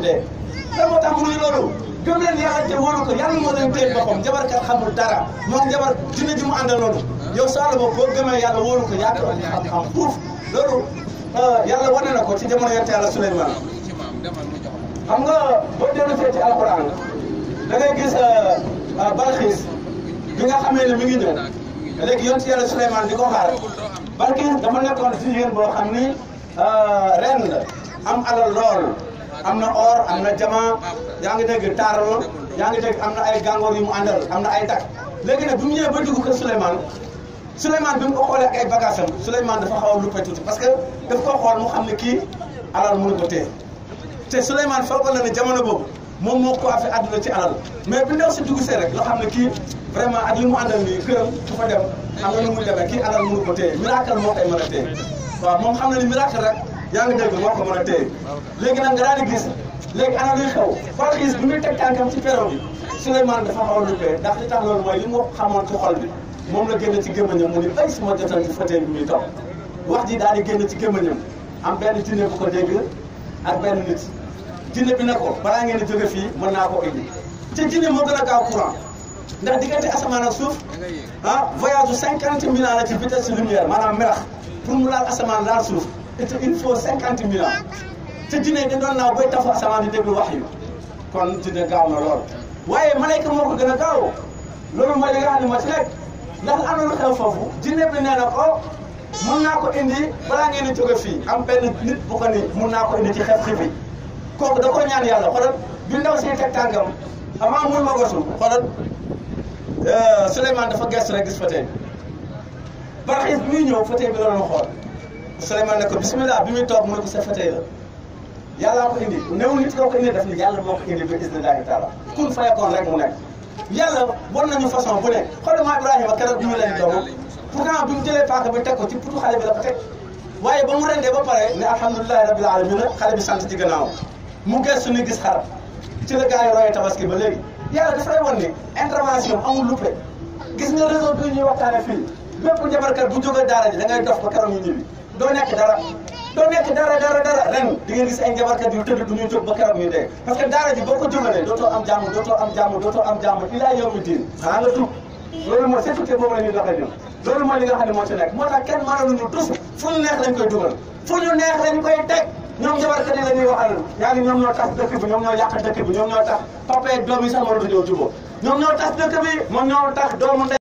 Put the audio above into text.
bi dee lan moo tax mu nuy loolu gëm leen yàlla te wóolu ko yàlla moo leen téye boppam jabarkat xamul dara moo jabar dina ji mu àndal loolu yow sala boobu boo gëmee yàlla wóolu ko yàlla xam-xam fuuf loolu euh, yàlla wane na ko ci jamono yonent yàlla Suleymaan xam nga boo dellu fee ci a da ngay a euh, euh, Balxiis bi nga xamee ne mi ngi ñëw léegi yonent yàlla Suleymaan di ko xaar Balxiis dama nekkoon si jigéen boo xam ni ren am alal lool am na or am na jama yaa ngi dégg taaralo yaa ngi dégg am na ay gàngoor yu mu àndal am na ay tak léegi nag bi mu ñëwee ba dugg kër Souleymane Souleymane bi mu ko xoolee ak ay bagaasam Souleymane dafa xaw a luppe parce que daf koo xool mu xam ne kii alal mënu ko téye te Souleymane foogoon na ne jamono boobu moom moo ko affe àdduna ci alal mais bi ndaw si dugg see rek loo xam ne kii vraiment ak li mu àndal nii këram du fa dem am na nu mu demee kii alal mënu ko téye miracle moo koy mën moom xam na ni miracle rek yaa ngi dégg moo ko mën a téye léegi nag nga daal di gis léegi ana luy xew Balxiis bi muy teg tànkam ci peron bi Souleymane dafa xaw a luppee ndax li tax loolu mooy li mu xamoon ci xol bi moom la génn ci gémmañam mu ni ay suma jotoon ci fauteuil bi muy toog wax ji daal di génn ci gémmañam am benn jinne bu ko dégg ak benn nit jinne bi ne ko balaa ngeen di jóge fii mën naa ko indi te jinne moo gën a gaaw courant ndax diggante asamaan ak suuf ah voyage bu cinquante mille ans la ci vitesse pour mu laal asamaan laal suuf que ci il faut cinquante mille ans te jinne dañ doon naaw bay tafu asamaan di déglu wax yu kon jinne gaaw na lool waaye malayka moo ko gën a gaaw loolu mooy li nga xam ne moo ci nekk ndax la am na lu xew foofu jinne bi nee na ko mun naa ko indi balaa ngeen jóge fii am benn nit bu ko ni mun naa ko indi ci xef xifi kooku da ñaan yàlla xoolal bi ndaw si teg tàngam avant muy magasu xoolal euh, Souleymane dafa gestu rek gis fa tey baraxis muy ñëw fa tey bi la doon xool Souleymane ne ko bismillah bi muy toog mu ne ko sa fatee la yàllaa ko indi néew nit doo ko indi def ni yàlla moo ko indi bi isnillahi taala kun fayakoon rek mu nekk yàlla won nañu façon bu ne xoolal maa Ibrahima keroog bi mu leen doom pourtant bi mu jëlee paaka bi teg ko ci putu xale bi la waaye ba mu rendee ba pare ne alhamdulilahi rabbil alamin xale bi sant ci gannaaw mu gëstu ni gis xarab ci la gars yi royee tabaski ba léegi yàlla daf lay won ni intervention amul luppe gis nga réseau bi wa waxtaane fii bépp njabarkat bu jógee daara ji da ngay dof ba keroog ñu ñibbi doo nekk dara doo nekk dara dara dara ren di ngeen gis ay njabarkat yu tëdd du ñu jóg ba keroog ñu dee parce que daara ji boo ko jógalee dootoo am jàmm dootoo am jàmm dootoo am jàmm ilaa yawmi diin xanaa nga tuub loolu mooy sécurité boobu la ñuy doxee ñun loolu mooy li nga xam ne moo ci nekk moo tax kenn mënaluñu tus fu ñu neex lañ koy dugal fu ñu neex lañ koy teg ñoom njabarkat yi la ñuy waxal yaa ngi ñoom ñoo tax dëkk bi ñoom ñoo yàq dëkk bi ñoom ñoo tax papa ak doom yi sax mënatu ñëw jubóo ñoom ñoo tax dëkk bi moom ñoo tax doomu